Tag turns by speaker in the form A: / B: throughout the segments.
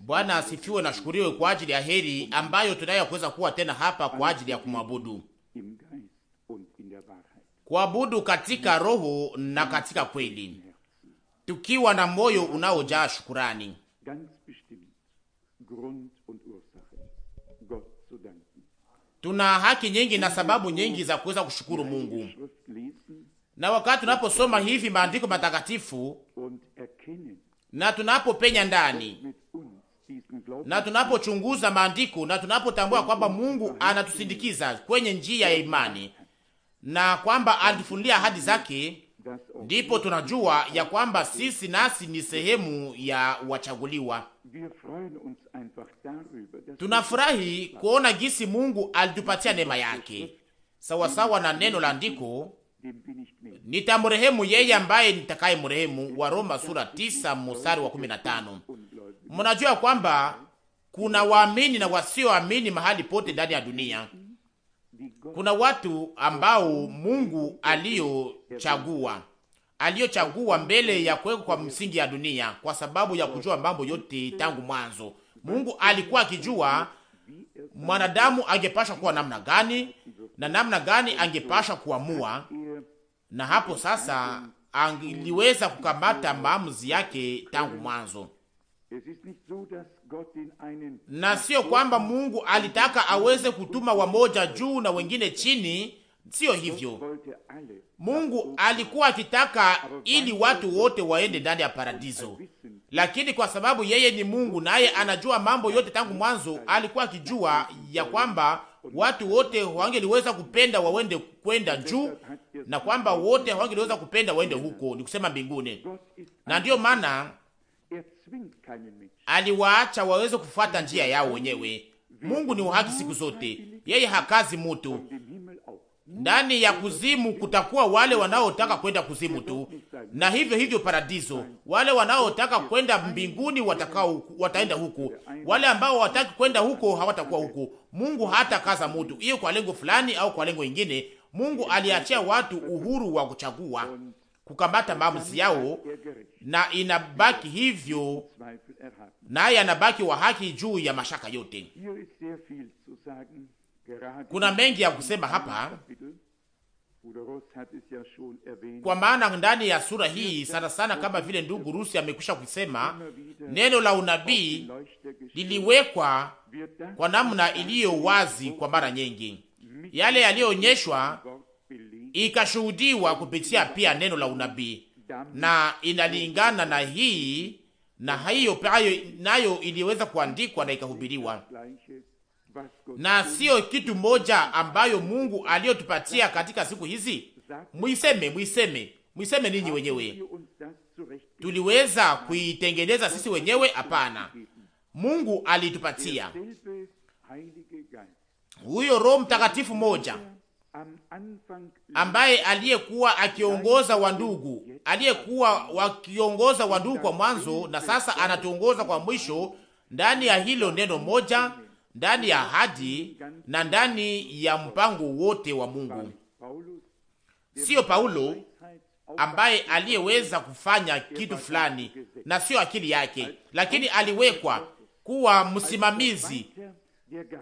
A: Bwana asifiwe na shukuriwe kwa ajili ya heri ambayo tunayo kuweza kuwa tena hapa kwa ajili ya kumwabudu, kuabudu katika roho na katika kweli, tukiwa na moyo unaojaa shukurani. Tuna haki nyingi na sababu nyingi za kuweza kushukuru Mungu na wakati tunaposoma hivi maandiko matakatifu na tunapopenya ndani na tunapochunguza maandiko na tunapotambua kwamba Mungu anatusindikiza kwenye njia ya imani na kwamba alitufunulia ahadi zake, ndipo tunajua ya kwamba sisi nasi ni sehemu ya wachaguliwa. Tunafurahi kuona gisi Mungu alitupatia neema yake sawasawa na neno la andiko nitamrehemu yeye ambaye nitakaye mrehemu. Wa Roma sura tisa mstari wa kumi na tano. Mnajua kwamba kuna waamini na wasioamini mahali pote ndani ya dunia. Kuna watu ambao Mungu aliyochagua aliyochagua mbele ya kuwekwa kwa msingi ya dunia, kwa sababu ya kujua mambo yote tangu mwanzo. Mungu alikuwa akijua mwanadamu angepasha kuwa namna gani na namna gani angepasha kuamua, na hapo sasa angeliweza kukamata maamuzi yake tangu mwanzo. Na sio kwamba Mungu alitaka aweze kutuma wamoja juu na wengine chini, sio hivyo. Mungu alikuwa akitaka ili watu wote waende ndani ya paradiso, lakini kwa sababu yeye ni Mungu naye anajua mambo yote tangu mwanzo, alikuwa akijua ya kwamba watu wote wangeliweza kupenda wawende kwenda juu na kwamba wote wangeliweza kupenda waende huko, ni kusema mbinguni. Na ndiyo maana aliwaacha waweze kufuata njia yao wenyewe. Mungu ni uhaki siku zote, yeye hakazi mutu, ndani ya kuzimu kutakuwa wale wanaotaka kwenda kuzimu tu, na hivyo hivyo paradiso, wale wanaotaka kwenda mbinguni watakao wataenda huko, wale ambao hawataki kwenda huko hawatakuwa huko. Mungu hata kaza mutu hiyo kwa lengo fulani au kwa lengo ingine. Mungu aliachia watu uhuru wa kuchagua kukamata maamuzi yao, na inabaki hivyo, naye anabaki wa haki juu ya mashaka yote.
B: Kuna mengi ya kusema hapa kwa maana ndani ya sura hii sana
A: sana, kama vile ndugu Rusi amekwisha kusema, neno la unabii liliwekwa kwa namna iliyo wazi kwa mara nyingi, yale yaliyoonyeshwa ikashuhudiwa kupitia pia neno la unabii, na inalingana na hii na hiyo nayo iliweza kuandikwa na ikahubiriwa na siyo kitu moja ambayo Mungu aliyotupatia katika siku hizi. Mwiseme, mwiseme, mwiseme ninyi wenyewe, tuliweza kuitengeneza sisi wenyewe? Hapana, Mungu alitupatia huyo Roho Mtakatifu moja ambaye aliyekuwa akiongoza wandugu, aliyekuwa wakiongoza wandugu kwa mwanzo, na sasa anatuongoza kwa mwisho ndani ya hilo neno moja ndani ya ahadi na ndani ya mpango wote wa Mungu. Sio Paulo ambaye aliyeweza kufanya kitu fulani na sio akili yake, lakini aliwekwa kuwa msimamizi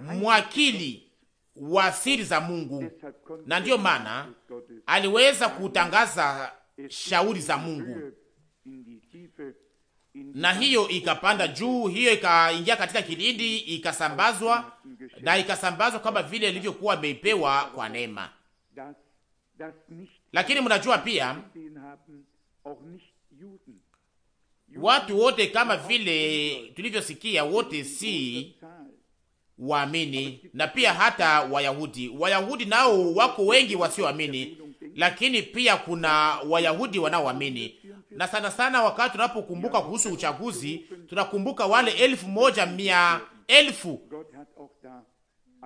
A: mwakili wa siri za Mungu, na ndiyo maana aliweza kutangaza shauri za Mungu na hiyo ikapanda juu, hiyo ikaingia katika kilindi, ikasambazwa na ikasambazwa kama vile ilivyokuwa imeipewa kwa neema. Lakini mnajua pia watu wote kama vile tulivyosikia, wote si waamini, na pia hata Wayahudi. Wayahudi nao wako wengi wasioamini, lakini pia kuna Wayahudi wanaoamini na sana sana wakati tunapokumbuka kuhusu uchaguzi, tunakumbuka wale elfu moja mia elfu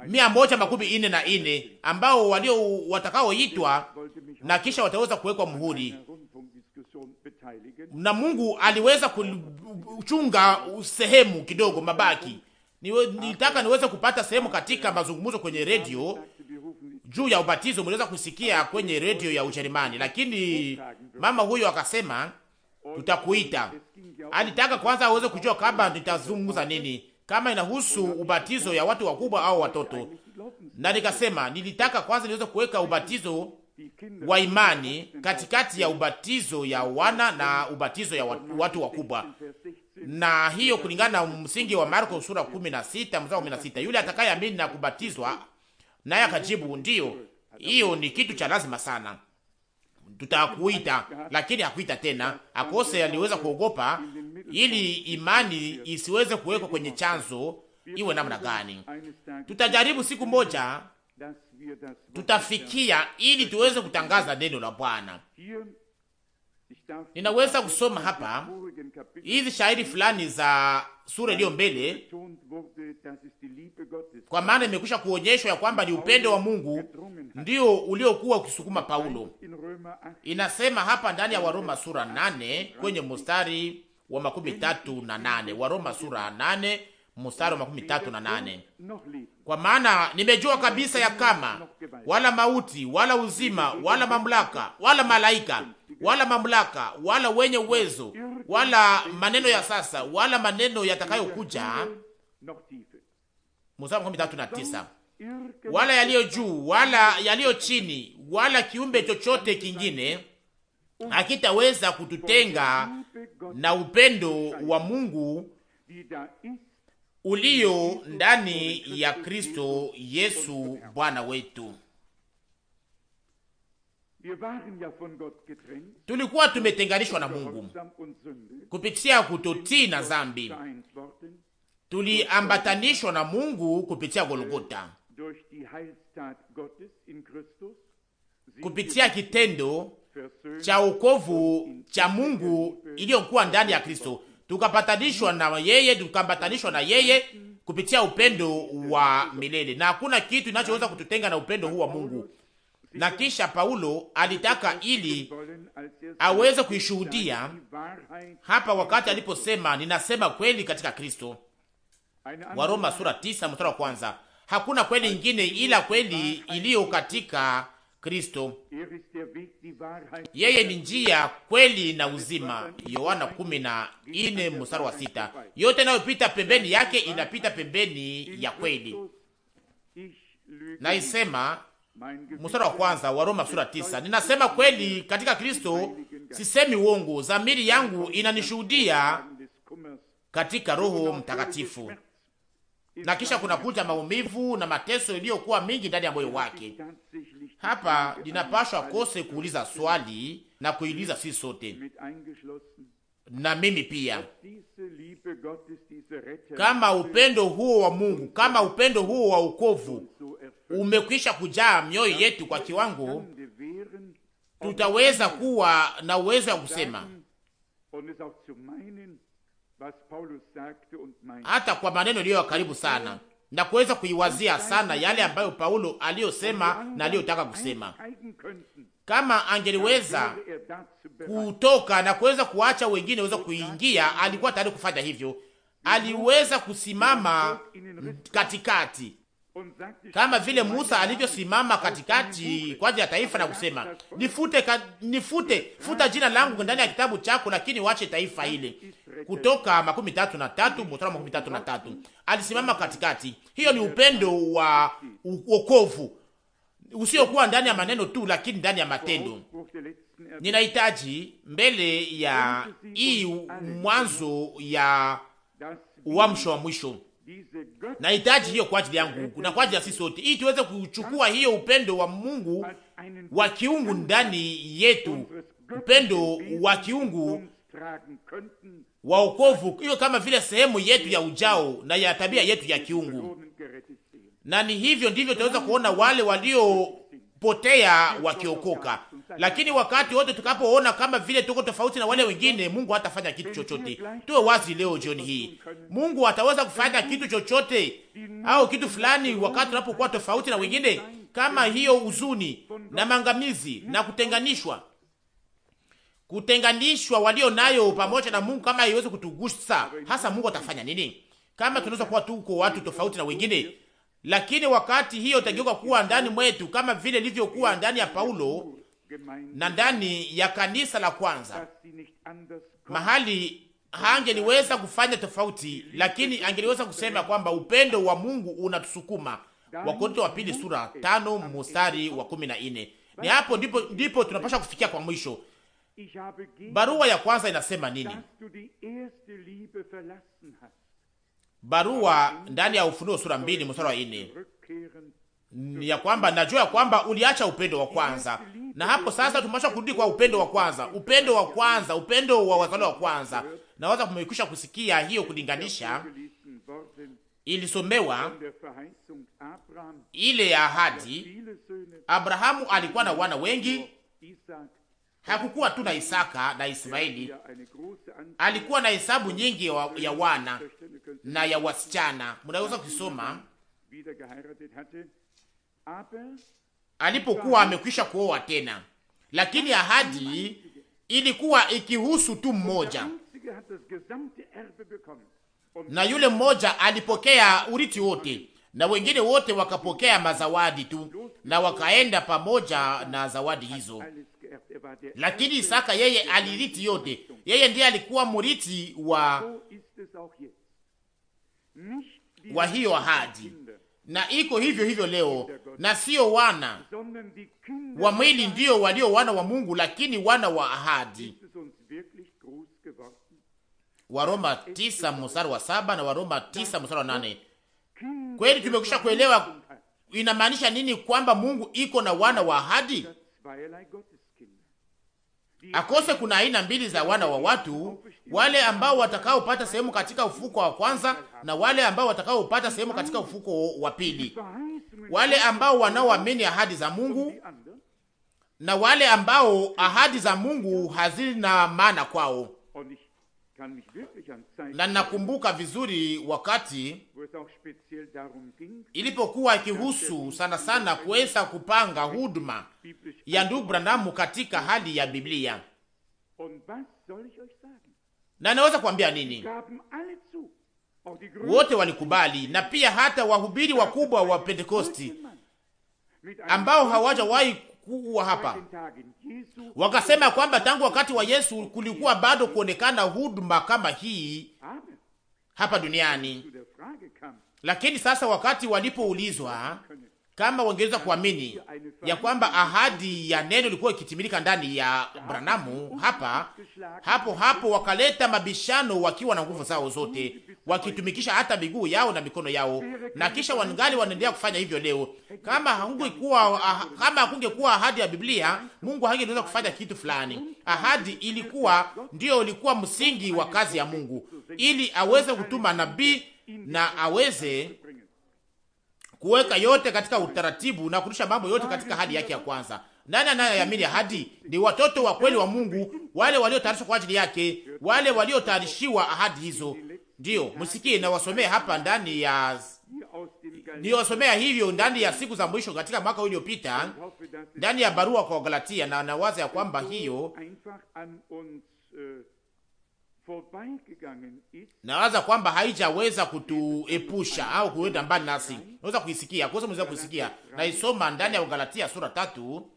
A: mia moja makumi ine na ine ambao walio watakaoitwa na kisha wataweza kuwekwa muhuri, na Mungu aliweza kuchunga sehemu kidogo mabaki. Nilitaka niweze kupata sehemu katika mazungumzo kwenye redio juu ya ubatizo, mliweza kusikia kwenye redio ya Ujerumani, lakini mama huyo akasema tutakuita. Alitaka kwanza aweze kujua kama nitazungumza nini, kama inahusu ubatizo ya watu wakubwa au watoto, na nikasema nilitaka kwanza niweze kuweka ubatizo wa imani katikati ya ubatizo ya wana na ubatizo ya watu wakubwa, na hiyo kulingana na msingi wa Marko sura 16 mstari 16, yule atakayeamini na kubatizwa naye akajibu ndiyo, hiyo ni kitu cha lazima sana tutakuita, lakini hakuita tena. Akose aliweza kuogopa, ili imani isiweze kuwekwa kwenye chanzo iwe namna gani. Tutajaribu siku moja tutafikia, ili tuweze kutangaza neno la Bwana. Ninaweza kusoma hapa hizi shairi fulani za sura iliyo mbele kwa maana imekwisha kuonyeshwa ya kwamba ni upendo wa Mungu ndio uliokuwa ukisukuma Paulo. Inasema hapa ndani ya Waroma sura nane kwenye mstari wa makumi tatu na nane Waroma sura nane mstari wa makumi tatu na nane kwa maana nimejua kabisa ya kama wala mauti wala uzima wala mamlaka wala malaika wala mamlaka wala wenye uwezo wala maneno ya sasa wala maneno yatakayokuja mstari makumi tatu na tisa wala yaliyo juu wala yaliyo chini wala kiumbe chochote kingine hakitaweza kututenga na upendo wa Mungu ulio ndani ya Kristo Yesu Bwana wetu. Tulikuwa tumetenganishwa na Mungu kupitia kutotii na zambi, tuliambatanishwa na Mungu kupitia Golgota, kupitia kitendo cha wokovu cha Mungu iliyokuwa ndani ya Kristo, tukapatanishwa na yeye, tukaambatanishwa na yeye kupitia upendo wa milele, na hakuna kitu inachoweza kututenga na upendo huu wa Mungu. Na kisha Paulo alitaka ili aweze kuishuhudia hapa wakati aliposema, ninasema kweli katika Kristo. Waroma sura tisa mstari wa kwanza. Hakuna kweli ingine ila kweli iliyo katika Kristo.
B: Yeye ni njia,
A: kweli na uzima. Yohana kumi na ine mstari wa sita. Yote inayopita pembeni yake inapita pembeni ya kweli. Naisema mstari wa kwanza wa Roma sura tisa. Ninasema kweli katika Kristo, sisemi uongo. Dhamiri yangu inanishuhudia katika Roho Mtakatifu na kisha kuna kuja maumivu na mateso iliyokuwa mingi ndani ya moyo wake. Hapa linapashwa kose kuuliza swali na kuiliza sisi sote na mimi pia,
B: kama upendo huo
A: wa Mungu, kama upendo huo wa ukovu umekwisha kujaa mioyo yetu kwa kiwango, tutaweza kuwa na uwezo wa kusema hata kwa maneno iliyo ya karibu sana na kuweza kuiwazia sana yale ambayo Paulo aliyosema na aliyotaka kusema. Kama angeliweza er kutoka na kuweza kuacha wengine waweza kuingia, alikuwa tayari kufanya hivyo. Aliweza kusimama katikati kama vile Musa alivyosimama katikati kwa ajili ya taifa na kusema nifute, ka, nifute futa jina langu ndani ya kitabu chako, lakini wache taifa ile. Kutoka makumi tatu na tatu mstari makumi tatu na tatu alisimama katikati. Hiyo ni upendo wa wokovu usiokuwa ndani ya maneno tu, lakini ndani ya matendo. Ninahitaji mbele ya hii mwanzo ya uamsho wa mwisho Nahitaji hiyo kwa ajili yangu na kwa ajili ya sisi sote, ili tuweze kuchukua hiyo upendo wa Mungu wa kiungu ndani yetu, upendo wa kiungu wa wokovu, hiyo kama vile sehemu yetu ya ujao na ya tabia yetu ya kiungu. Na ni hivyo ndivyo tunaweza kuona wale waliopotea wakiokoka, lakini wakati wote tukapoona kama vile tuko tofauti na wale wengine, Mungu hatafanya kitu chochote. Tuwe wazi leo jioni hii, Mungu ataweza kufanya kitu chochote au kitu fulani wakati tunapokuwa tofauti na wengine, kama hiyo huzuni na maangamizi na kutenganishwa, kutenganishwa walio nayo pamoja na Mungu, kama haiwezi kutugusa hasa, Mungu atafanya nini? Kama tunaweza kuwa tuko watu tofauti na wengine lakini wakati hiyo itageuka kuwa ndani mwetu, kama vile ilivyokuwa ndani ya Paulo na ndani ya kanisa la kwanza, mahali hangeliweza kufanya tofauti, lakini angeliweza kusema kwamba upendo wa Mungu unatusukuma. Wakorintho wa pili sura tano mustari wa kumi na nne. Ni hapo ndipo, ndipo tunapasha kufikia kwa mwisho. Barua ya kwanza inasema nini? Barua ndani ya Ufunuo sura mbili mstari wa nne ya kwamba najua ya kwamba uliacha upendo wa kwanza. Na hapo sasa tumesha kurudi kwa upendo wa kwanza, upendo wa kwanza, upendo wa wazalo wa kwanza. Naweza kumekwisha kusikia hiyo kulinganisha ilisomewa ile ya ahadi. Abrahamu alikuwa na wana wengi, hakukuwa tu na Isaka na Ismaili, alikuwa na hesabu nyingi ya, ya wana na ya wasichana. Mnaweza kusoma alipokuwa amekwisha kuoa tena, lakini ahadi ilikuwa ikihusu tu mmoja, na yule mmoja alipokea urithi wote na wengine wote wakapokea mazawadi tu na wakaenda pamoja na zawadi hizo. Lakini Isaka yeye alirithi yote, yeye ndiye alikuwa mrithi wa wa hiyo ahadi na iko hivyo hivyo leo, na sio wana wa mwili ndiyo walio wana wa Mungu, lakini wana wa ahadi. Waroma tisa mstari wa saba na Waroma tisa mstari wa nane. Kweli tumekwisha kuelewa inamaanisha nini kwamba Mungu iko na wana wa ahadi. Akose kuna aina mbili za wana wa watu, wale ambao watakaopata sehemu katika ufuko wa kwanza na wale ambao watakaopata sehemu katika ufuko wa pili, wale ambao wanaoamini ahadi za Mungu na wale ambao ahadi za Mungu hazina maana kwao. Na nakumbuka vizuri wakati ilipokuwa ikihusu sana sana kuweza kupanga huduma ya ndugu Branham katika hali ya Biblia na naweza kuambia nini, wote walikubali, na pia hata wahubiri wakubwa wa Pentekosti ambao hawajawahi kuwa hapa wakasema kwamba tangu wakati wa Yesu kulikuwa bado kuonekana huduma kama hii hapa duniani, lakini sasa wakati walipoulizwa kama wangeweza kuamini ya kwamba ahadi ya neno ilikuwa ikitimilika ndani ya Branamu hapa hapo hapo, wakaleta mabishano wakiwa na nguvu zao zote, wakitumikisha hata miguu yao na mikono yao, na kisha wangali wanaendelea kufanya hivyo leo. Kama hakungekuwa ah, kama hakungekuwa ahadi ya Biblia, Mungu hangeweza kufanya kitu fulani. Ahadi ilikuwa ndio ilikuwa msingi wa kazi ya Mungu, ili aweze kutuma nabii na aweze kuweka yote katika utaratibu na kurusha mambo yote katika hali yake ya kwanza. Nani anayeamini ahadi? Ni watoto wa kweli wa Mungu, wale waliotayarishwa kwa ajili yake, wale waliotayarishiwa ahadi hizo. Ndiyo, msikie na wasomee hapa ndani ya
B: niyosomea hivyo
A: ndani ya siku za mwisho katika mwaka uliopita ndani ya barua kwa Galatia, na nawaza ya kwamba hiyo nawaza kwamba haijaweza kutuepusha au kuenda mbali nasi. Naweza kuisikia kosa, mweza kuisikia naisoma ndani ya Galatia sura tatu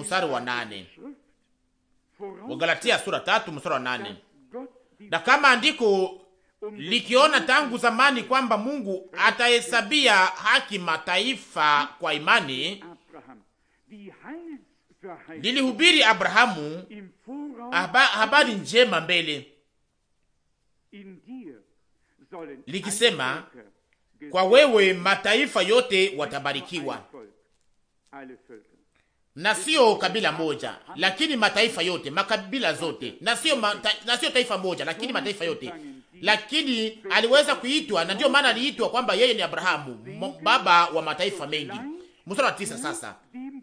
A: mstari wa nane. Galatia sura tatu mstari wa nane. Na kama andiko likiona tangu zamani kwamba Mungu atahesabia haki mataifa kwa imani, lilihubiri Abrahamu habari njema mbele
B: likisema,
A: kwa wewe mataifa yote watabarikiwa, na sio kabila moja, lakini mataifa yote, makabila zote, na sio na sio taifa moja, lakini mataifa yote. Lakini aliweza kuitwa, na ndio maana aliitwa kwamba yeye ni Abrahamu, baba wa mataifa mengi. Mstari wa tisa sasa,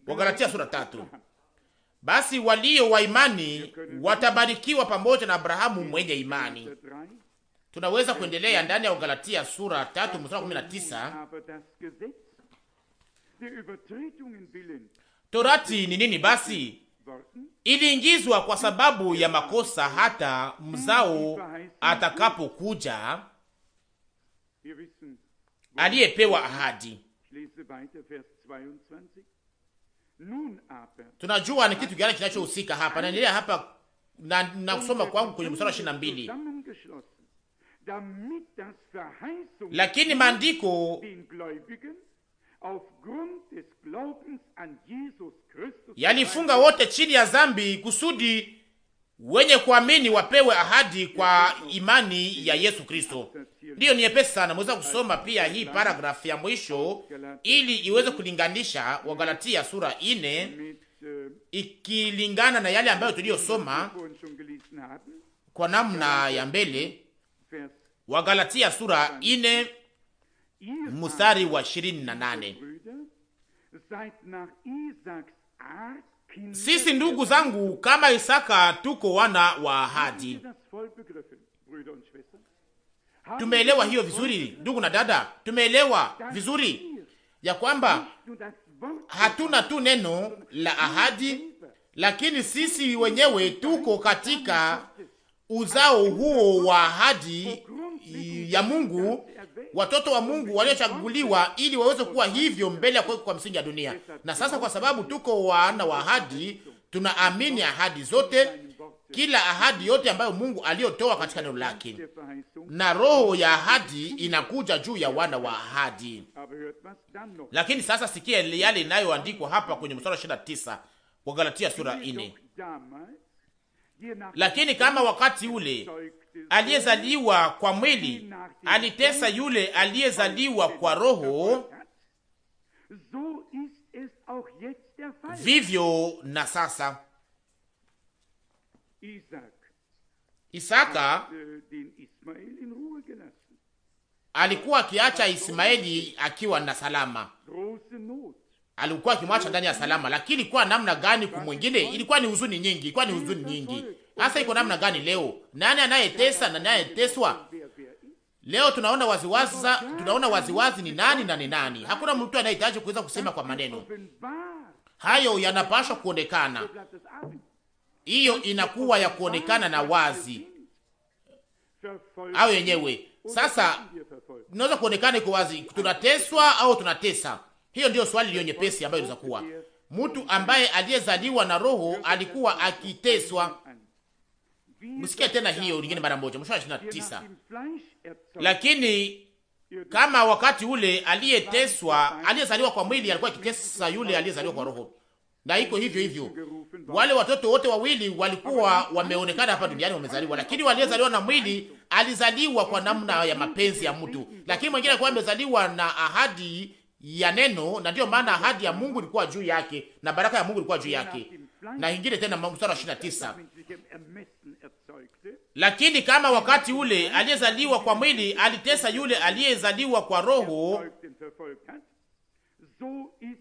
A: Wagalatia sura tatu. Basi walio wa imani watabarikiwa pamoja na Abrahamu mwenye imani. Tunaweza kuendelea ndani ya ugalatia sura 3 mstari
B: 19.
A: Torati ni nini basi? Iliingizwa kwa sababu ya makosa hata mzao atakapokuja aliyepewa ahadi tunajua ni kitu gani kinachohusika hapa. Naendelea hapa na, na kusoma kwangu kwenye mstari wa ishirini na mbili
B: lakini maandiko
A: yalifunga wote chini ya zambi kusudi wenye kuamini wapewe ahadi kwa imani ya Yesu Kristo. Ndiyo, ni epesi sana, mweza kusoma pia hii paragrafu ya mwisho ili iweze kulinganisha Wagalatia sura ine ikilingana na yale ambayo tuliyosoma kwa namna ya mbele. Wagalatia sura ine mstari wa ishirini na nane. Sisi ndugu zangu, kama Isaka tuko wana wa ahadi.
B: Tumeelewa hiyo vizuri,
A: ndugu na dada, tumeelewa vizuri ya kwamba hatuna tu neno la ahadi, lakini sisi wenyewe tuko katika uzao huo wa ahadi ya Mungu watoto wa Mungu waliochaguliwa ili waweze kuwa hivyo mbele ya kuwekwa kwa msingi ya dunia. Na sasa kwa sababu tuko wana wa ahadi, tunaamini ahadi zote, kila ahadi yote ambayo Mungu aliyotoa katika neno lake, na roho ya ahadi inakuja juu ya wana wa ahadi. Lakini sasa sikia yale inayoandikwa hapa kwenye mstari wa tisa wa Galatia sura 4:
B: lakini kama
A: wakati ule aliyezaliwa kwa mwili alitesa yule aliyezaliwa kwa roho.
B: Vivyo
A: na sasa Isaka alikuwa akiacha Ismaeli akiwa na salama, alikuwa akimwacha ndani ya salama, lakini kwa namna gani kumwingine? Ilikuwa ni huzuni nyingi, ilikuwa ni huzuni nyingi Hasa iko namna gani leo? Nani anayetesa na anayeteswa? Leo tunaona waziwazi, tunaona waziwazi ni nani na ni nani. Hakuna mtu anayehitaji kuweza kusema kwa maneno. Hayo yanapaswa kuonekana. Hiyo inakuwa ya kuonekana na wazi.
B: Hao yenyewe
A: Sasa tunaweza kuonekana iko wazi, tunateswa au tunatesa. Hiyo ndiyo swali iliyo nyepesi ambayo inaweza kuwa. Mtu ambaye aliyezaliwa na roho alikuwa akiteswa Msikia tena hiyo lingine mara moja, mstari wa 29. Lakini kama wakati ule aliyeteswa, aliyezaliwa kwa mwili alikuwa akitesa yule aliyezaliwa kwa roho, na iko hivyo hivyo. Wale watoto wote wawili walikuwa wameonekana hapa duniani wamezaliwa, lakini aliyezaliwa na mwili alizaliwa kwa namna ya mapenzi ya mtu, lakini mwingine alikuwa amezaliwa na ahadi ya neno, na ndiyo maana ahadi ya Mungu ilikuwa juu yake na baraka ya Mungu ilikuwa juu yake. Na ingine tena mstari wa 29 lakini kama wakati ule aliyezaliwa kwa mwili alitesa yule aliyezaliwa kwa roho,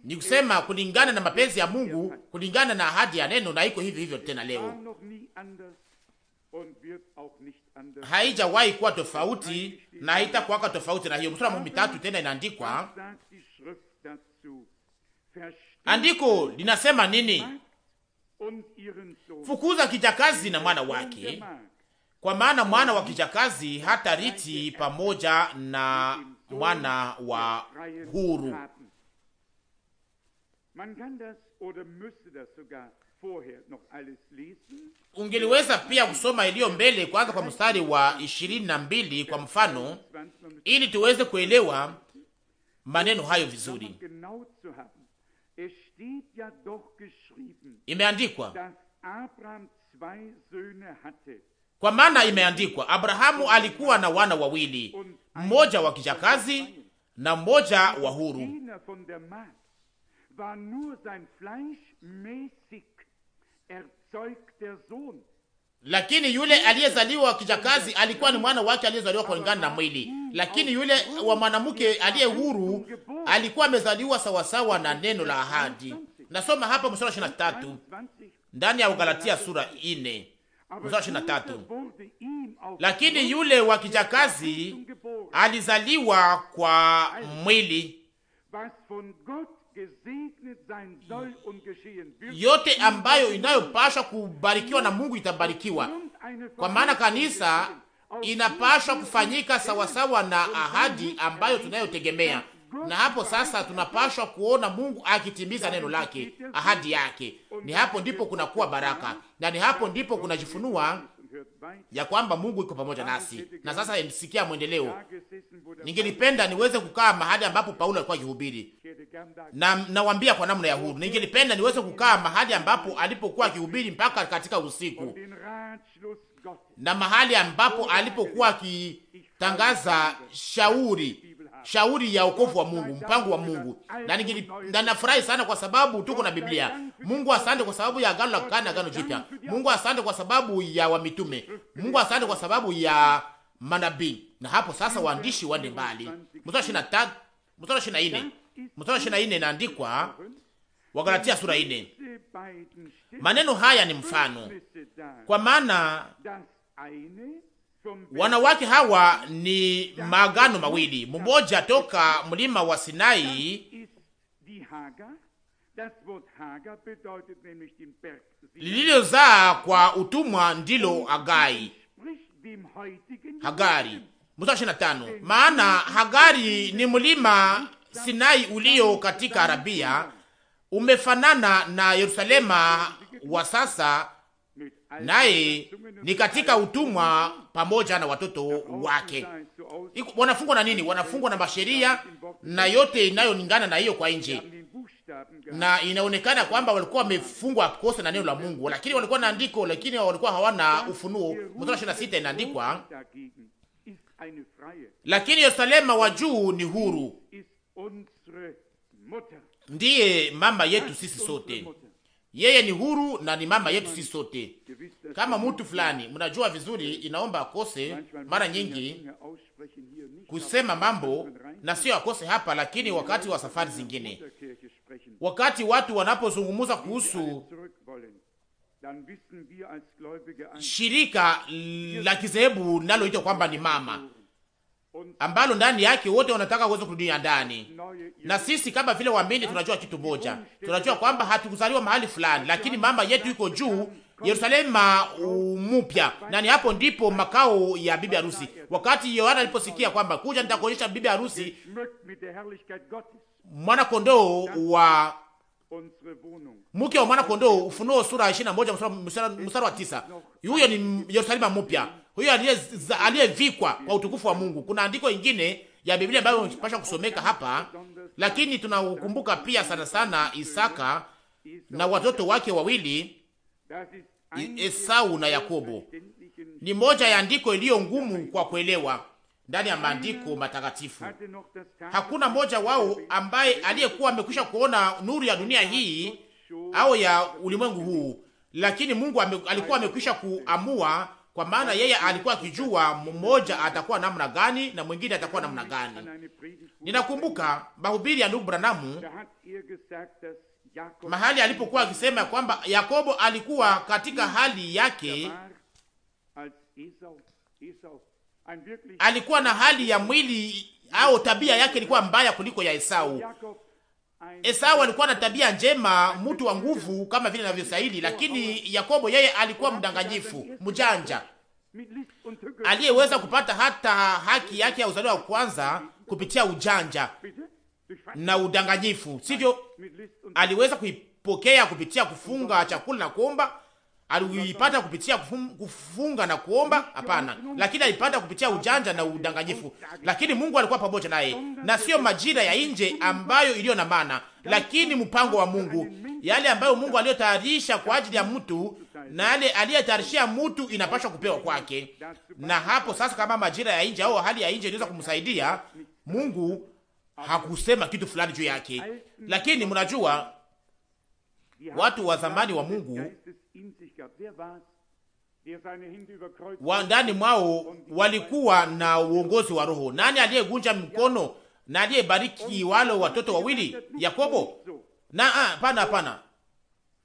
A: ni kusema kulingana na mapenzi ya Mungu, kulingana na ahadi ya neno, na iko hivyo hivyo tena leo, haijawahi kuwa tofauti na haitakuwaka tofauti na hiyo. Mstari makumi tena inaandikwa, andiko linasema nini? Fukuza kijakazi na mwana wake kwa maana mwana wa kijakazi hata riti pamoja na mwana wa huru. Ungeliweza pia kusoma iliyo mbele kwanza kwa mstari wa ishirini na mbili kwa mfano, ili tuweze kuelewa maneno hayo vizuri.
B: Imeandikwa
A: kwa maana imeandikwa, Abrahamu alikuwa na wana wawili, mmoja wa kijakazi na mmoja wa huru. Lakini yule aliyezaliwa kijakazi alikuwa ni mwana wake aliyezaliwa kulingana na mwili, lakini yule wa mwanamke aliye huru alikuwa amezaliwa sawasawa na neno la ahadi. Nasoma hapa mstari wa 23 ndani ya ugalatia sura ishirini na tatu lakini yule wa kijakazi alizaliwa kwa mwili yote ambayo inayopashwa kubarikiwa na Mungu itabarikiwa,
B: kwa maana kanisa
A: inapashwa kufanyika sawasawa na ahadi ambayo tunayotegemea na hapo sasa tunapashwa kuona Mungu akitimiza neno lake, ahadi yake. Ni hapo ndipo kunakuwa baraka na ni hapo ndipo kunajifunua ya kwamba Mungu iko pamoja nasi. Na sasa sikia mwendeleo. Ningelipenda niweze kukaa mahali ambapo Paulo alikuwa akihubiri. Na nawaambia kwa namna ya huru. Ningelipenda niweze kukaa mahali ambapo alipokuwa akihubiri mpaka katika usiku. Na mahali ambapo alipokuwa akitangaza shauri shauri ya wokovu wa Mungu, mpango wa Mungu. Na ninafurahi sana kwa sababu tuko na Biblia. Mungu asante kwa sababu ya agano la kale na agano jipya. Mungu asante kwa sababu ya wamitume. Mungu asante kwa sababu ya manabii. Na hapo sasa waandishi wande mbali. Mstari wa 23, mstari 24. Mstari 24 inaandikwa Wagalatia sura 4.
B: Maneno haya ni
A: mfano. Kwa maana Wanawake hawa ni maagano mawili, mmoja toka mlima wa Sinai lililozaa kwa utumwa, ndilo Agai, Hagari mstari wa tano. Maana Hagari ni mlima Sinai ulio katika Arabia, umefanana na Yerusalema wa sasa, naye ni katika utumwa pamoja na watoto wake. Wanafungwa na nini? Wanafungwa na masheria na yote inayolingana na hiyo kwa nje, na inaonekana kwamba walikuwa wamefungwa kosa na neno la Mungu, lakini walikuwa na andiko, lakini walikuwa hawana ufunuo. Mstari ishirini na sita inaandikwa, lakini Yerusalema wa juu ni huru, ndiye mama yetu sisi sote yeye ni huru na ni mama yetu sisi sote. Kama mtu fulani, mnajua vizuri, inaomba akose mara nyingi kusema mambo na sio akose hapa, lakini wakati wa safari zingine, wakati watu wanapozungumza kuhusu shirika la kizehebu linaloitwa kwamba ni mama ambalo ndani yake wote wanataka uweze kurudi ndani. Na sisi kama vile waamini tunajua kitu moja, tunajua kwamba hatukuzaliwa mahali fulani, lakini mama yetu iko juu Yerusalema mupya, na ni hapo ndipo makao ya bibi harusi. Wakati Yohana aliposikia kwamba kuja, nitakuonyesha bibi harusi, mwana kondoo wa mke wa mwana kondoo, Ufunuo sura 21 mstari wa 9. Huyo ni Yerusalema mupya huyo aliyevikwa kwa utukufu wa Mungu. Kuna andiko ingine ya Biblia ambayo pasha kusomeka hapa, lakini tunakumbuka pia sana sana Isaka na watoto wake wawili Esau na Yakobo. Ni moja ya andiko iliyo ngumu kwa kuelewa ndani ya maandiko matakatifu. Hakuna mmoja wao ambaye aliyekuwa amekwisha kuona nuru ya dunia hii au ya ulimwengu huu, lakini Mungu alikuwa amekwisha kuamua kwa maana yeye alikuwa akijua mmoja atakuwa namna gani na mwingine atakuwa namna gani. Ninakumbuka mahubiri ya ndugu Branamu mahali alipokuwa akisema kwamba Yakobo alikuwa katika hali yake,
B: alikuwa na hali
A: ya mwili au tabia yake ilikuwa mbaya kuliko ya Esau. Esau alikuwa na tabia njema, mtu wa nguvu kama vile inavyostahili, lakini Yakobo yeye alikuwa mdanganyifu, mjanja, aliyeweza kupata hata haki yake ya uzaliwa wa kwanza kupitia ujanja na udanganyifu, sivyo? Aliweza kuipokea kupitia kufunga chakula na kuomba Aliipata kupitia kufunga na kuomba? Hapana, lakini alipata kupitia ujanja na udanganyifu. Lakini Mungu alikuwa pamoja naye, na sio majira ya nje ambayo iliyo na maana, lakini mpango wa Mungu, yale ambayo Mungu aliyotayarisha kwa ajili ya mtu na yale aliyetayarishia mtu inapaswa kupewa kwake. Na hapo sasa, kama majira ya nje au hali ya nje inaweza kumsaidia Mungu, hakusema kitu fulani juu yake, lakini mnajua watu wa zamani wa Mungu wa ndani mwao walikuwa na uongozi wa roho. Nani aliyegunja mkono na aliyebariki walo watoto wawili Yakobo? Na ah, hapana, hapana,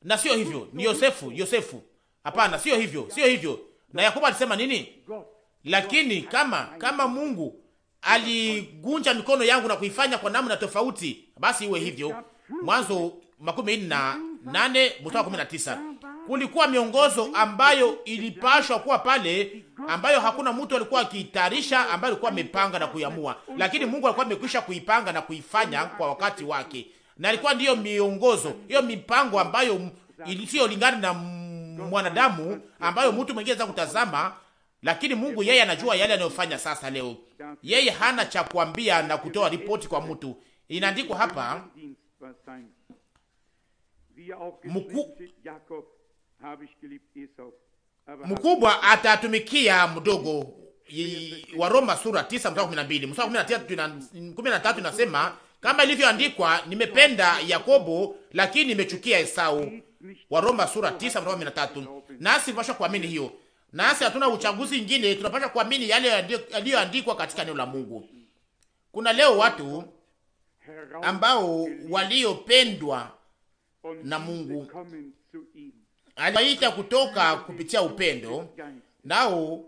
A: na sio hivyo, ni Yosefu. Yosefu, hapana, sio hivyo, sio hivyo. Na Yakobo alisema nini? Lakini kama kama Mungu aligunja mikono yangu na kuifanya kwa namna tofauti, basi iwe hivyo. Mwanzo makumi nne na nane mstari wa kumi na tisa kulikuwa miongozo ambayo ilipashwa kuwa pale, ambayo hakuna mtu alikuwa akiitayarisha, ambayo alikuwa amepanga na kuiamua, lakini Mungu alikuwa amekwisha kuipanga na kuifanya kwa wakati wake, na alikuwa ndiyo miongozo hiyo, mipango ambayo isiyolingana na mwanadamu, ambayo mtu mwingine anaweza kutazama lakini Mungu yeye anajua yale anayofanya sasa leo. Yeye hana cha kuambia na kutoa ripoti kwa mtu. Inaandikwa hapa
B: Mku, mkubwa
A: atatumikia mdogo. Wa Roma sura 9 mstari wa 12 mstari wa 13 inasema kama ilivyoandikwa, nimependa Yakobo lakini nimechukia Esau. Wa Roma sura 9 mstari wa 13. Nasi tunapaswa kuamini hiyo, nasi hatuna uchaguzi mwingine, tunapaswa kuamini yale yaliyoandikwa katika neno la Mungu. Kuna leo watu ambao waliopendwa na Mungu aliwaita kutoka kupitia upendo, nao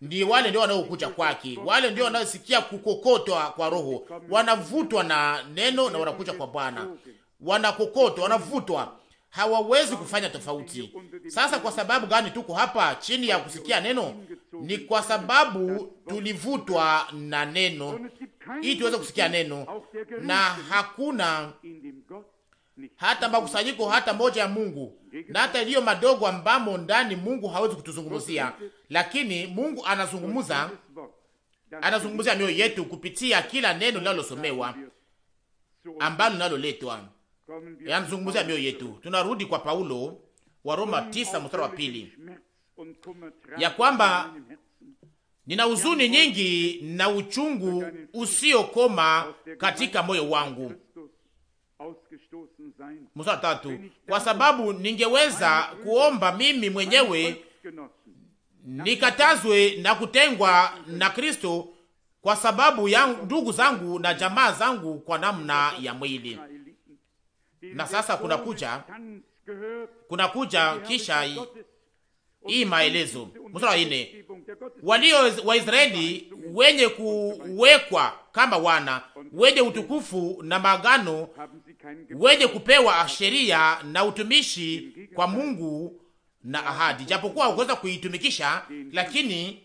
A: ni wale ndio wanaokuja kwake, wale ndio wanaosikia kukokotwa kwa roho, wanavutwa na neno na wanakuja kwa Bwana, wanakokotwa, wanavutwa, hawawezi kufanya tofauti. Sasa kwa sababu gani tuko hapa chini ya kusikia neno? Ni kwa sababu tulivutwa na neno, ili tuweze kusikia neno, na hakuna hata makusanyiko hata moja ya Mungu na hata iliyo madogo ambamo ndani Mungu hawezi kutuzungumzia, lakini Mungu anazungumza, anazungumzia mioyo yetu kupitia kila neno linalosomewa ambalo linaloletwa, anazungumzia mioyo yetu. Tunarudi kwa Paulo wa Roma 9 mstari wa pili
B: ya kwamba
A: nina huzuni nyingi na uchungu usiokoma katika moyo wangu Musa tatu, kwa sababu ningeweza kuomba mimi mwenyewe nikatazwe na kutengwa na Kristo kwa sababu ya ndugu zangu na jamaa zangu kwa namna ya mwili. Na sasa kuna kuja kisha hii maelezo mstari wa nne, walio Waisraeli wenye kuwekwa kama wana wenye utukufu na maagano wenye kupewa sheria na utumishi kwa Mungu na ahadi, japokuwa ukuweza kuitumikisha, lakini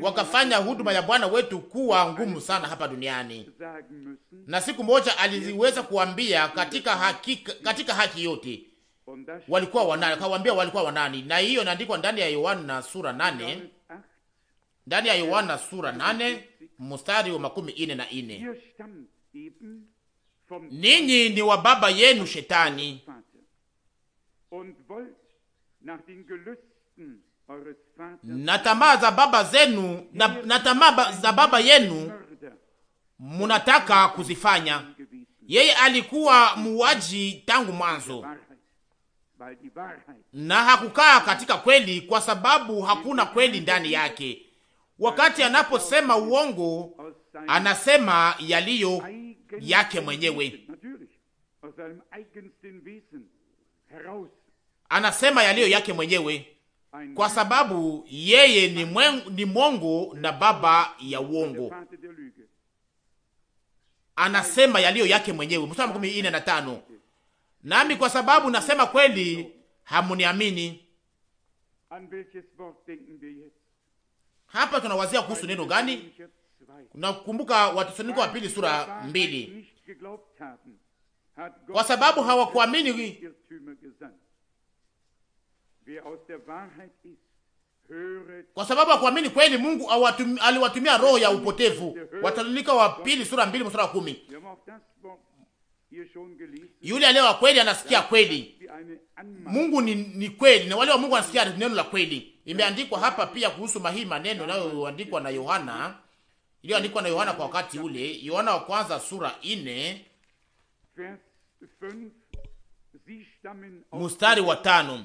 B: wakafanya huduma ya
A: Bwana wetu kuwa ngumu sana hapa duniani. Na siku moja aliweza kuambia katika haki, katika haki yote walikuwa wanani, akawaambia walikuwa wanani, na hiyo inaandikwa ndani ya Yohana sura nane, ndani ya Yohana sura nane mstari wa makumi ine na ine. Ninyi ni wa baba yenu Shetani,
B: na tamaa
A: za baba zenu na, na tamaa za baba yenu munataka kuzifanya. Yeye alikuwa muwaji tangu mwanzo na hakukaa katika kweli, kwa sababu hakuna kweli ndani yake. Wakati anaposema uongo, anasema yaliyo
B: yake mwenyewe,
A: anasema yaliyo yake mwenyewe, kwa sababu yeye ni, mwen, ni mwongo na baba ya uongo. Anasema yaliyo yake mwenyewe. Mstari makumi ine na tano, nami kwa sababu nasema kweli hamuniamini hapa tunawazia kuhusu neno gani? Nakumbuka Wathesalonike wa pili sura mbili.
B: Kwa sababu hawakuamini kwa sababu
A: hawakuamini kweli, Mungu aliwatumia roho ya upotevu. Wathesalonike wa pili sura mbili mstari wa kumi. Yule aliye wa kweli anasikia kweli, Mungu ni, ni kweli, na wale wa Mungu wanasikia neno la kweli Imeandikwa hapa pia kuhusu mahii maneno inayoandikwa na Yohana, iliyoandikwa na Yohana kwa wakati ule, Yohana wa kwanza sura ine mustari wa tano.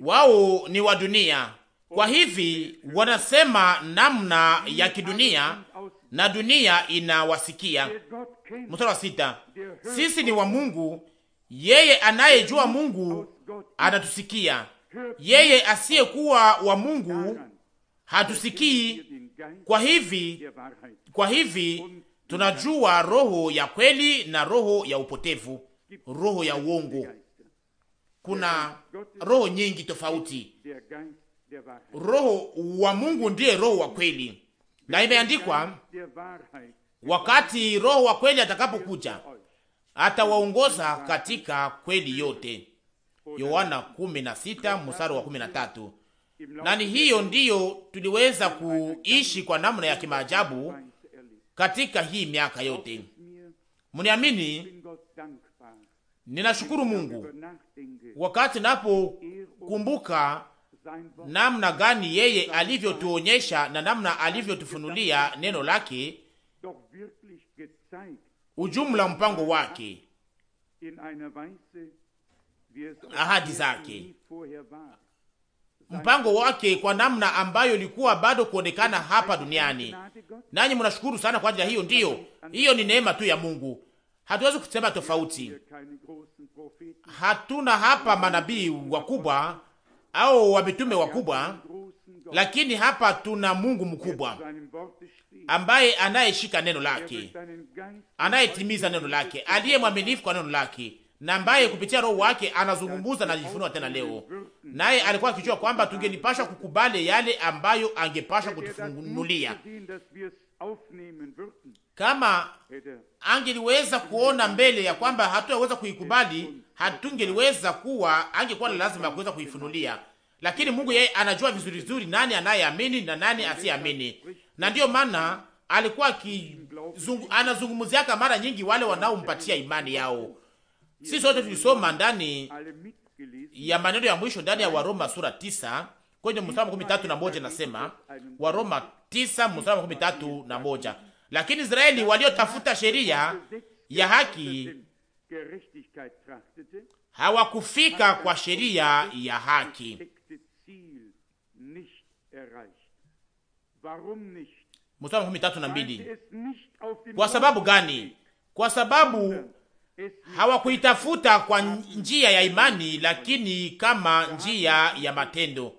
A: Wao ni wa dunia, kwa hivi wanasema namna ya kidunia na dunia inawasikia.
B: Mstari wa sita, sisi
A: ni wa Mungu yeye anayejua Mungu anatusikia, yeye asiyekuwa wa Mungu hatusikii.
B: Kwa hivi,
A: kwa hivi tunajua roho ya kweli na roho ya upotevu, roho ya uongo. Kuna roho nyingi tofauti. Roho wa Mungu ndiye roho wa kweli, na imeandikwa wakati roho wa kweli atakapokuja atawaongoza katika kweli yote. Yohana 16 mstari wa 13. Na ni hiyo ndiyo tuliweza kuishi kwa namna ya kimaajabu katika hii miaka yote. Mniamini, ninashukuru Mungu wakati napo kumbuka namna gani yeye alivyotuonyesha na namna alivyotufunulia neno lake ujumla mpango wake,
B: ahadi zake,
A: mpango wake kwa namna ambayo ilikuwa bado kuonekana hapa duniani. Nanyi mnashukuru sana kwa ajili ya hiyo. Ndiyo, hiyo ni neema tu ya Mungu, hatuwezi kusema tofauti. Hatuna hapa manabii wakubwa au wamitume wakubwa, lakini hapa tuna Mungu mkubwa ambaye anayeshika neno lake, anayetimiza neno lake, aliye mwaminifu kwa neno lake na ambaye kupitia roho wake anazungumza na jifunua tena leo. Naye alikuwa akijua kwamba tungenipasha kukubali yale ambayo angepasha kutufunulia. Kama angeliweza kuona mbele ya kwamba hatuaweza kuikubali, hatungeliweza kuwa, angekuwa na lazima ya kuweza kuifunulia. Lakini Mungu yeye anajua vizuri vizuri nani anayeamini na nani asiyeamini, na ndiyo maana alikuwa kizungu, anazungumziaka mara nyingi wale wanaompatia imani yao. Sisi sote tulisoma ndani ya maneno ya mwisho ndani ya Waroma sura tisa kwenye mstari makumi tatu na moja nasema, Waroma tisa mstari makumi tatu na moja lakini Israeli waliotafuta sheria ya haki hawakufika kwa sheria ya haki mstari makumi tatu na mbili.
B: Kwa sababu gani?
A: Kwa sababu hawakuitafuta kwa njia ya imani, lakini kama njia ya matendo,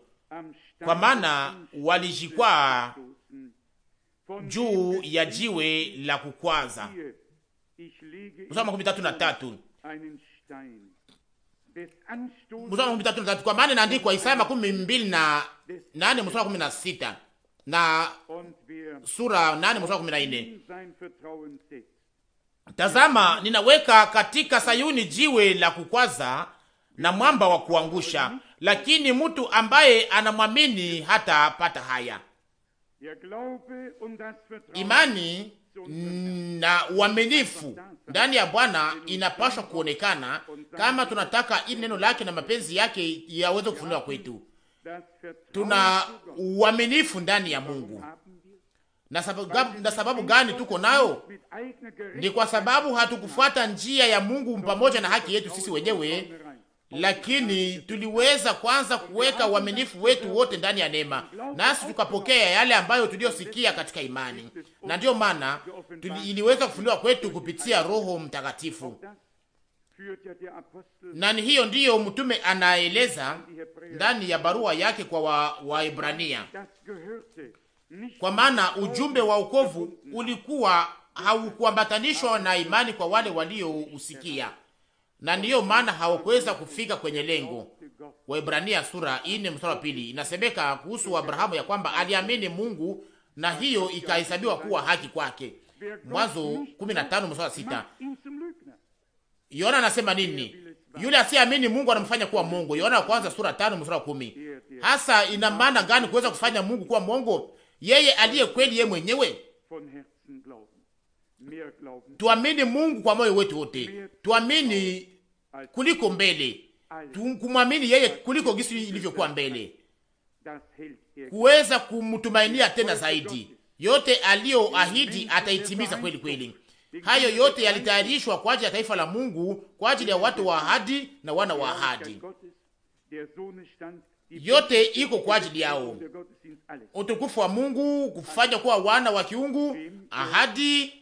A: kwa maana walijikwaa juu ya jiwe la kukwaza.
B: Mstari makumi tatu na tatu. Mstari makumi
A: tatu na tatu, kwa maana inaandikwa Isaya makumi mbili na nane mstari kumi na sita na sura nane mstari kumi na nne tazama ninaweka katika Sayuni jiwe la kukwaza na mwamba wa kuangusha, lakini mtu ambaye anamwamini hata pata haya.
B: Imani
A: na uaminifu ndani ya Bwana inapaswa kuonekana kama tunataka ili neno lake na mapenzi yake yaweze kufunuliwa kwetu tuna uaminifu ndani ya Mungu. Na sababu, na sababu gani tuko nayo? Ni kwa sababu hatukufuata njia ya Mungu pamoja na haki yetu sisi wenyewe, lakini tuliweza kwanza kuweka uaminifu wetu wote ndani ya neema, nasi tukapokea yale ambayo tuliyosikia katika imani, na ndiyo maana iliweza kufunuliwa kwetu kupitia Roho Mtakatifu na ni hiyo ndiyo mtume anaeleza ndani ya barua yake kwa Waebrania wa kwa maana ujumbe wa wokovu ulikuwa haukuambatanishwa na imani kwa wale waliousikia, na ndiyo maana hawakuweza kufika kwenye lengo. Waebrania sura ine mstari wa pili inasemeka kuhusu Abrahamu ya kwamba aliamini Mungu na hiyo ikahesabiwa kuwa haki kwake. Mwanzo 15 mstari wa sita. Yohana anasema nini? Yule asiamini Mungu anamfanya kuwa Mungu. Yohana ya kwanza sura tano mstari wa kumi. Hasa ina maana gani kuweza kufanya Mungu kuwa Mungu? Yeye aliye kweli yeye mwenyewe. Tuamini Mungu kwa moyo wetu wote. Tuamini kuliko mbele. Kumwamini yeye kuliko gisi ilivyokuwa mbele. Kuweza kumtumainia tena zaidi. Yote ahidi ataitimiza kweli kweli. Hayo yote yalitayarishwa kwa ajili ya taifa la Mungu, kwa ajili ya watu wa ahadi na wana wa ahadi. Yote iko kwa ajili yao, utukufu wa Mungu, kufanya kuwa wana wa kiungu, ahadi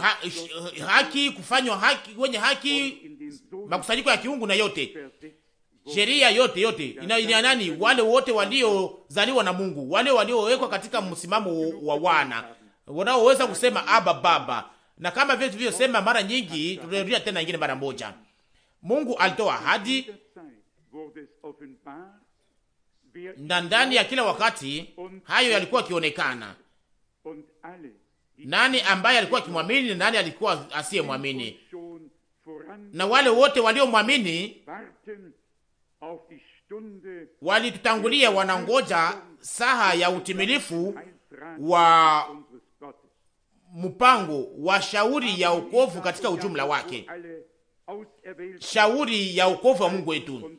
A: ha, haki, kufanywa haki, wenye haki, makusanyiko ya kiungu na yote sheria yote yote ina, ina nani? Wale wote waliozaliwa na Mungu, wale waliowekwa katika msimamo wa wana, wanaoweza kusema Aba Baba, na kama vile tulivyosema mara nyingi, tulirudia tena nyingine mara moja, Mungu alitoa ahadi
B: na ndani ya kila
A: wakati hayo yalikuwa akionekana. Nani ambaye alikuwa akimwamini na nani alikuwa asiyemwamini? Na wale wote waliomwamini walitutangulia, wanangoja saha ya utimilifu wa mpango wa shauri ya ukovu katika ujumla wake, shauri ya ukovu wa Mungu wetu.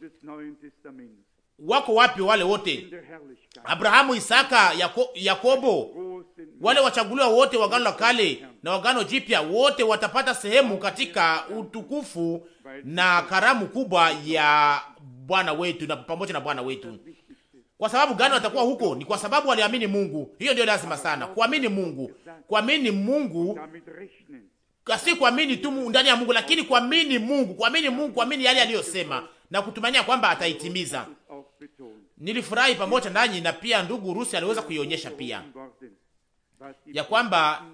A: Wako wapi wale wote? Abrahamu, Isaka, Yako, Yakobo, wale wachaguliwa wote wa Agano la Kale na wagano Jipya, wote watapata sehemu katika utukufu na karamu kubwa ya Bwana wetu na pamoja na Bwana wetu. Kwa sababu gani watakuwa huko? Ni kwa sababu waliamini Mungu. Hiyo ndio lazima sana, kuamini Mungu, kuamini Mungu, si kuamini tu ndani ya Mungu, lakini kuamini Mungu, kuamini Mungu, kuamini yale aliyosema na kutumania kwamba ataitimiza. Nilifurahi pamoja nanyi na pia ndugu Rusi aliweza kuionyesha pia ya kwamba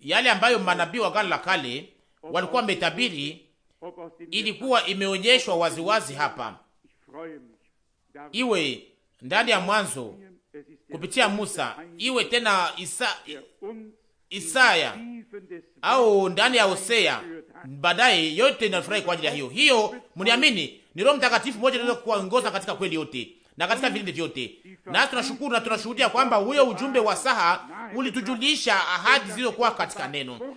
A: yale ambayo manabii wa Agano la Kale walikuwa wametabiri ilikuwa imeonyeshwa waziwazi hapa iwe ndani ya Mwanzo kupitia Musa, iwe tena Isa, Isaya au ndani ya Hosea baadaye, yote inafurahi kwa ajili ya hiyo hiyo. Mniamini, ni Roho Mtakatifu mmoja anaweza kuongoza katika kweli yote na katika vilindi vyote, na tunashukuru na tunashuhudia kwamba huyo ujumbe wa saha ulitujulisha ahadi zilizokuwa katika neno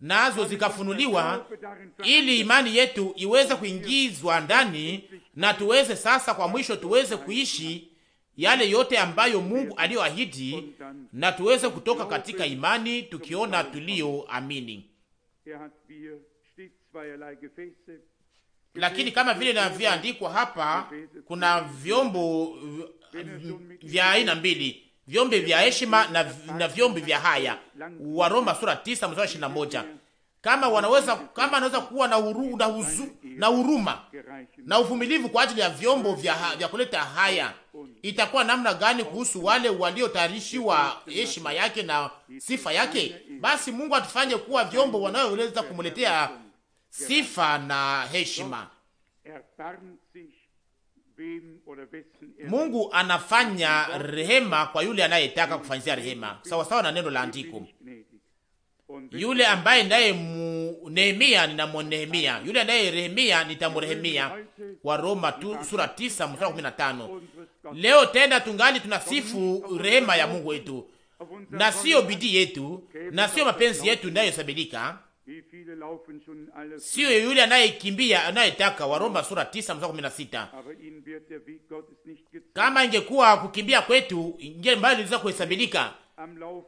A: nazo zikafunuliwa, ili imani yetu iweze kuingizwa ndani na tuweze sasa, kwa mwisho, tuweze kuishi yale yote ambayo Mungu aliyoahidi, na tuweze kutoka katika imani tukiona amini Lakini kama vile inavyoandikwa hapa, kuna vyombo vya aina mbili vyombe vya heshima na, na vyombe vya haya. Waroma sura 9 mstari 21. Kama wanaweza kama anaweza kuwa na huru, na, huzu, na huruma na uvumilivu kwa ajili ya vyombo vya, vya kuleta haya, itakuwa namna gani kuhusu wale waliotayarishiwa heshima yake na sifa yake? Basi Mungu atufanye kuwa vyombo wanaoweza kumletea sifa na heshima. Mungu anafanya rehema kwa yule anayetaka kufanyia rehema, sawasawa na neno la andiko. Yule ambaye ndaye Nehemia ninamonehemia yule ndaye rehemia nitamrehemia. Wa Roma tu, sura 9 mstari 15. Leo tena tungali tunasifu rehema ya Mungu wetu, na sio bidii yetu, na sio mapenzi yetu sabilika, sio yule anayekimbia anayetaka. Waroma sura 9 mstari kumi Kama ingekuwa kukimbia kwetu ingie mbali, iliweza kuhesabika,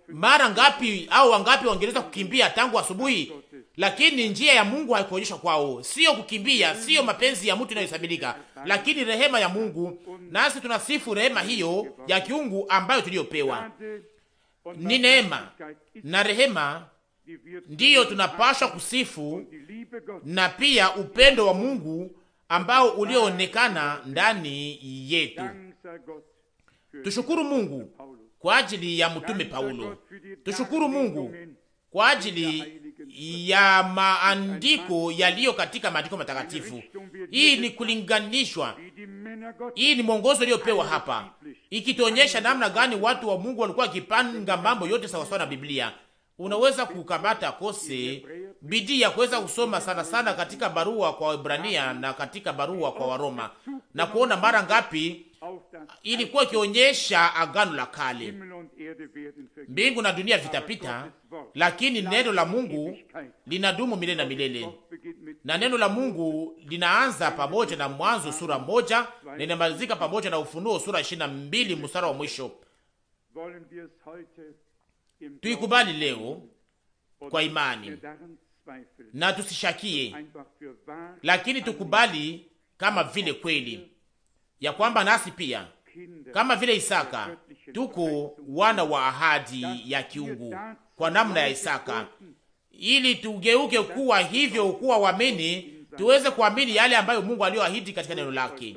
A: mara ngapi au wangapi wangeweza kukimbia tangu asubuhi, lakini njia ya Mungu haikuonyeshwa kwao. Sio kukimbia, sio mapenzi ya mtu inayohesabika, lakini rehema ya Mungu. Nasi tunasifu rehema hiyo ya kiungu ambayo tuliyopewa, ni neema na rehema ndiyo tunapasha kusifu, na pia upendo wa Mungu ambao ulioonekana ndani yetu. Tushukuru Mungu kwa ajili ya mtume Paulo, tushukuru Mungu kwa ajili ya maandiko yaliyo katika maandiko matakatifu. Hii ni kulinganishwa, hii ni mwongozo uliopewa hapa, ikituonyesha namna gani watu wa Mungu walikuwa wakipanga mambo yote sawasawa na Biblia unaweza kukamata kose bidii ya kuweza kusoma sana sana katika barua kwa Waebrania na katika barua kwa Waroma na kuona mara ngapi ilikuwa ikionyesha agano la kale. Mbingu na dunia vitapita, lakini neno la Mungu linadumu milele na milele, na neno la Mungu linaanza pamoja na Mwanzo sura moja na linamalizika pamoja na Ufunuo sura ishirini na mbili mstari wa mwisho tuikubali leo
B: kwa imani na tusishakie,
A: lakini tukubali kama vile kweli ya kwamba nasi pia kama vile Isaka tuko wana wa ahadi ya kiungu kwa namna ya Isaka, ili tugeuke kuwa hivyo, kuwa wamini tuweze kuamini yale ambayo Mungu aliyoahidi katika neno lake.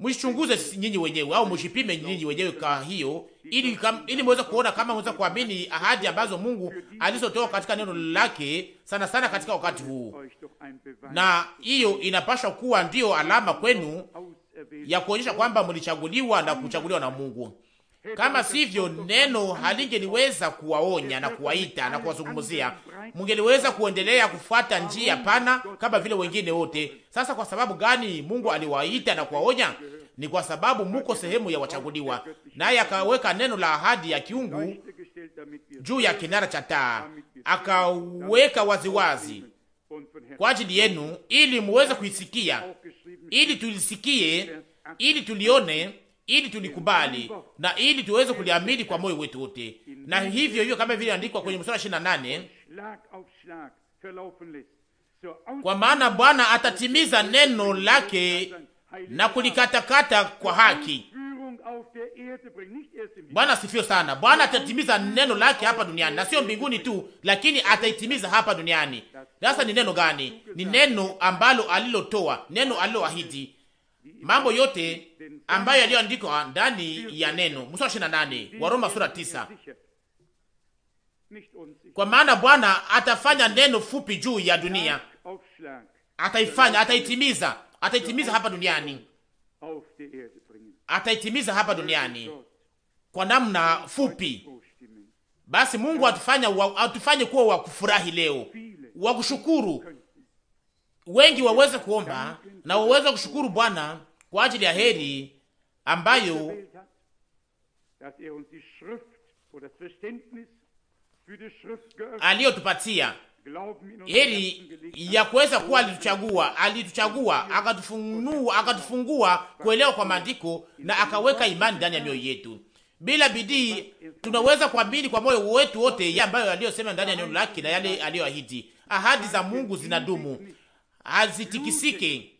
A: Msichunguze nyinyi wenyewe au mshipime nyinyi wenyewe, kwa hiyo ili kam, ili muweze kuona kama muweze kuamini ahadi ambazo Mungu alizotoa katika neno lake, sana sana katika wakati huu, na hiyo inapaswa kuwa ndiyo alama kwenu ya kuonyesha kwamba mlichaguliwa na kuchaguliwa na Mungu. Kama sivyo, neno halingeliweza kuwaonya na kuwaita na kuwazungumzia, mungeliweza kuendelea kufuata njia pana kama vile wengine wote. Sasa kwa sababu gani Mungu aliwaita na kuwaonya? ni kwa sababu muko sehemu ya wachaguliwa. Naye akaweka neno la ahadi ya kiungu juu ya kinara cha taa, akaweka waziwazi kwa ajili yenu, ili muweze kuisikia, ili tulisikie, ili tulione, ili tulikubali na ili tuweze kuliamini kwa moyo wetu wote. Na hivyo hivyo kama vile andikwa kwenye mstari ishirini nane kwa maana Bwana atatimiza neno lake na kulikatakata kwa haki. Bwana sifio sana. Bwana atatimiza neno lake hapa duniani na sio mbinguni tu, lakini ataitimiza hapa duniani. Sasa ni neno gani? Ni neno ambalo alilotoa, neno aliloahidi, mambo yote ambayo yaliyoandikwa ndani ya neno. Mstari ishirini na nane sura tisa kwa maana Bwana atafanya neno fupi juu ya dunia, ataifanya, ataitimiza ataitimiza hapa duniani, ataitimiza hapa duniani kwa namna fupi. Basi Mungu atufanye atufanye kuwa wa kufurahi leo, wa kushukuru. Wengi waweze kuomba na waweze kushukuru Bwana kwa ajili ya heri ambayo
B: er aliyotupatia heri
A: ya kuweza kuwa alituchagua, alituchagua akatufunua, akatufungua kuelewa kwa maandiko na akaweka imani ndani ya mioyo yetu. Bila bidii tunaweza kuamini kwa moyo wetu wote yale ambayo aliyosema ndani ya neno lake na yale aliyoahidi. Ahadi za Mungu zinadumu, hazitikisike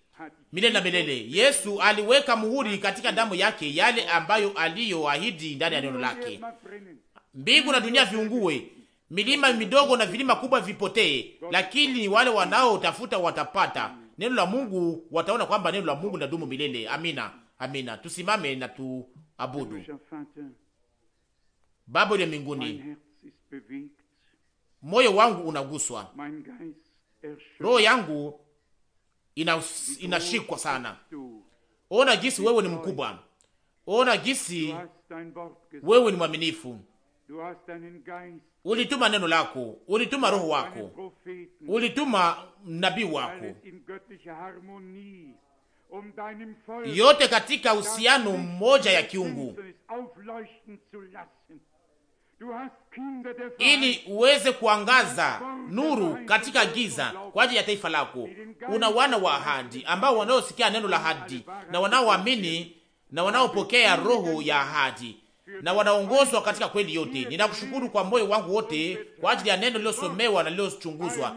A: milele na milele. Yesu aliweka muhuri katika damu yake yale ambayo aliyoahidi ndani ya neno lake. Mbingu na dunia viungue milima midogo na vilima kubwa vipotee, lakini wale wanaotafuta watapata neno la Mungu, wataona kwamba neno la Mungu linadumu milele. Amina, amina. Tusimame na tuabudu. Baba ya mbinguni, moyo wangu unaguswa, roho yangu inas, inashikwa sana. Ona jinsi wewe ni mkubwa, ona jinsi wewe ni mwaminifu ulituma neno lako, ulituma roho wako, ulituma nabii wako,
B: um yote katika uhusiano mmoja ya kiungu,
A: ili uweze kuangaza nuru katika giza kwa ajili ya taifa lako. Una wana wa ahadi ambao wanaosikia neno la ahadi na wanaoamini na wanaopokea roho ya ahadi na wanaongozwa katika kweli yote. Ninakushukuru kwa moyo wangu wote kwa ajili ya neno lilosomewa na lilochunguzwa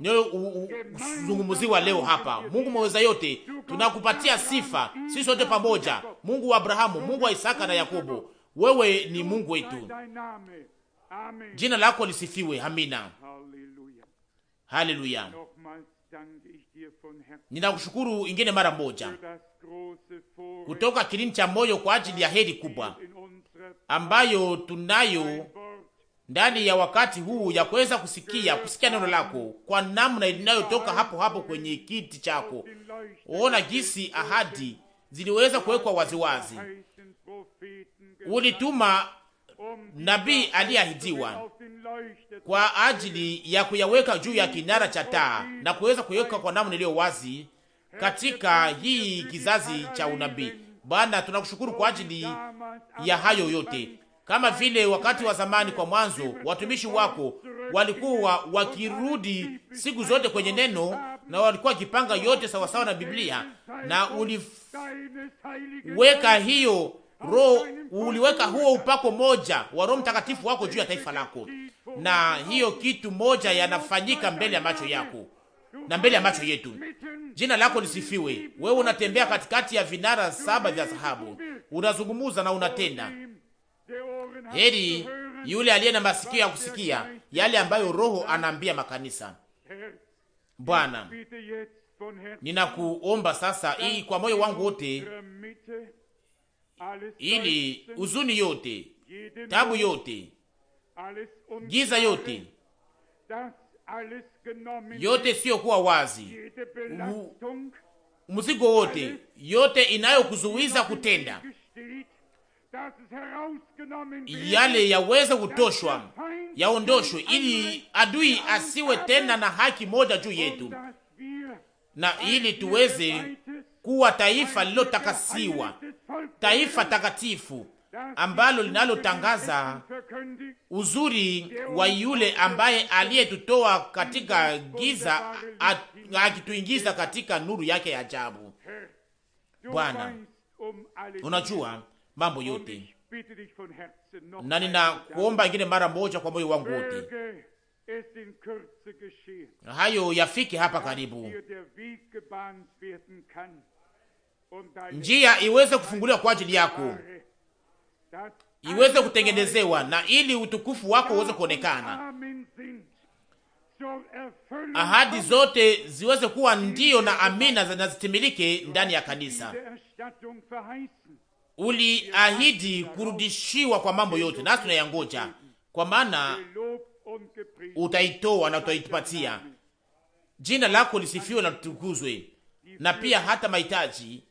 A: nayozungumuziwa leo hapa. Mungu mweza yote, tunakupatia sifa sisi wote pamoja. Mungu wa Abrahamu, Mungu wa Isaka na Yakobo, wewe ni Mungu wetu, jina lako lisifiwe. Amina, haleluya. Ninakushukuru ingine mara moja kutoka kilini cha moyo kwa ajili ya heri kubwa ambayo tunayo ndani ya wakati huu ya kuweza kusikia kusikia neno lako kwa namna inayotoka hapo hapo kwenye kiti chako. Uona jinsi ahadi ziliweza kuwekwa waziwazi. Ulituma um nabii aliyeahidiwa kwa ajili ya kuyaweka juu ya kinara cha taa na kuweza kuweka kwa namna iliyo wazi katika hii kizazi cha unabii. Bwana, tunakushukuru kwa ajili ya hayo yote, kama vile wakati wa zamani, kwa mwanzo, watumishi wako walikuwa wakirudi siku zote kwenye neno na walikuwa wakipanga yote sawasawa na Biblia, na uliweka hiyo roho, uliweka huo upako moja wa Roho Mtakatifu wako juu ya taifa lako, na hiyo kitu moja yanafanyika mbele ya macho yako na mbele ya macho yetu. Jina lako lisifiwe. Wewe unatembea katikati ya vinara saba vya dhahabu, unazungumuza na unatenda. Heri yule aliye na masikio ya kusikia yale ambayo Roho anaambia makanisa. Bwana,
B: ninakuomba
A: sasa ii kwa moyo wangu wote,
B: ili uzuni yote, tabu yote, giza yote yote siyo kuwa wazi,
A: mzigo wote, yote inayokuzuwiza kutenda
B: yale yaweze
A: kutoshwa, yaondoshwe, ili adui asiwe tena na haki moja juu yetu, na ili tuweze kuwa taifa lilotakasiwa, taifa takatifu ambalo linalotangaza uzuri wa yule ambaye aliyetutoa katika giza akituingiza katika nuru yake ya ajabu.
B: Bwana, unajua
A: mambo yote,
B: na ninakuomba ingine mara moja kwa moyo wangu wote,
A: hayo yafike hapa karibu, njia iweze kufunguliwa kwa ajili yako iweze kutengenezewa na ili utukufu wako uweze kuonekana,
B: ahadi zote
A: ziweze kuwa ndiyo na amina na zitimilike ndani ya kanisa. Uliahidi kurudishiwa kwa mambo yote, nasi tunayangoja, kwa maana utaitoa na utaitupatia. Jina lako lisifiwe na litukuzwe, na pia hata mahitaji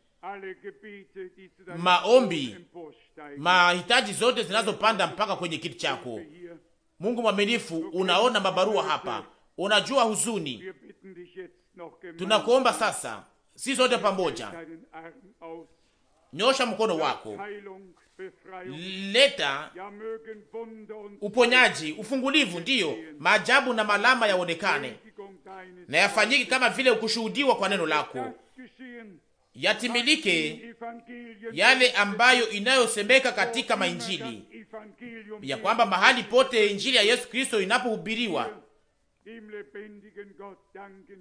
B: maombi
A: mahitaji zote zinazopanda mpaka kwenye kiti chako. Mungu mwaminifu, unaona mabarua hapa, unajua huzuni. Tunakuomba sasa, si zote pamoja, nyosha mkono wako, leta uponyaji, ufungulivu, ndiyo maajabu na malama yaonekane na yafanyike kama vile ukushuhudiwa kwa neno lako yatimilike yale ambayo inayosemeka katika mainjili ya kwamba mahali pote injili ya Yesu Kristo inapohubiriwa,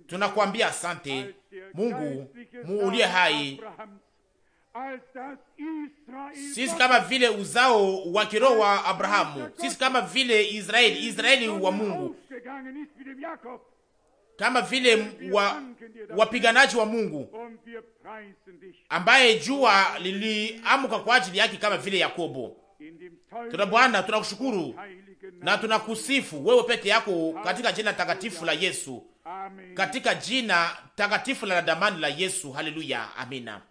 A: tunakwambia asante Mungu muulie hai. Sisi kama vile uzao wa kiroho wa Abrahamu, sisi kama vile Israeli, Israeli wa Mungu kama vile wa, wapiganaji wa Mungu ambaye jua liliamka kwa ajili yake kama vile Yakobo. Tuna Bwana, tunakushukuru na tunakusifu wewe peke yako katika jina takatifu la Yesu, katika jina takatifu la nadamani la Yesu. Haleluya, amina.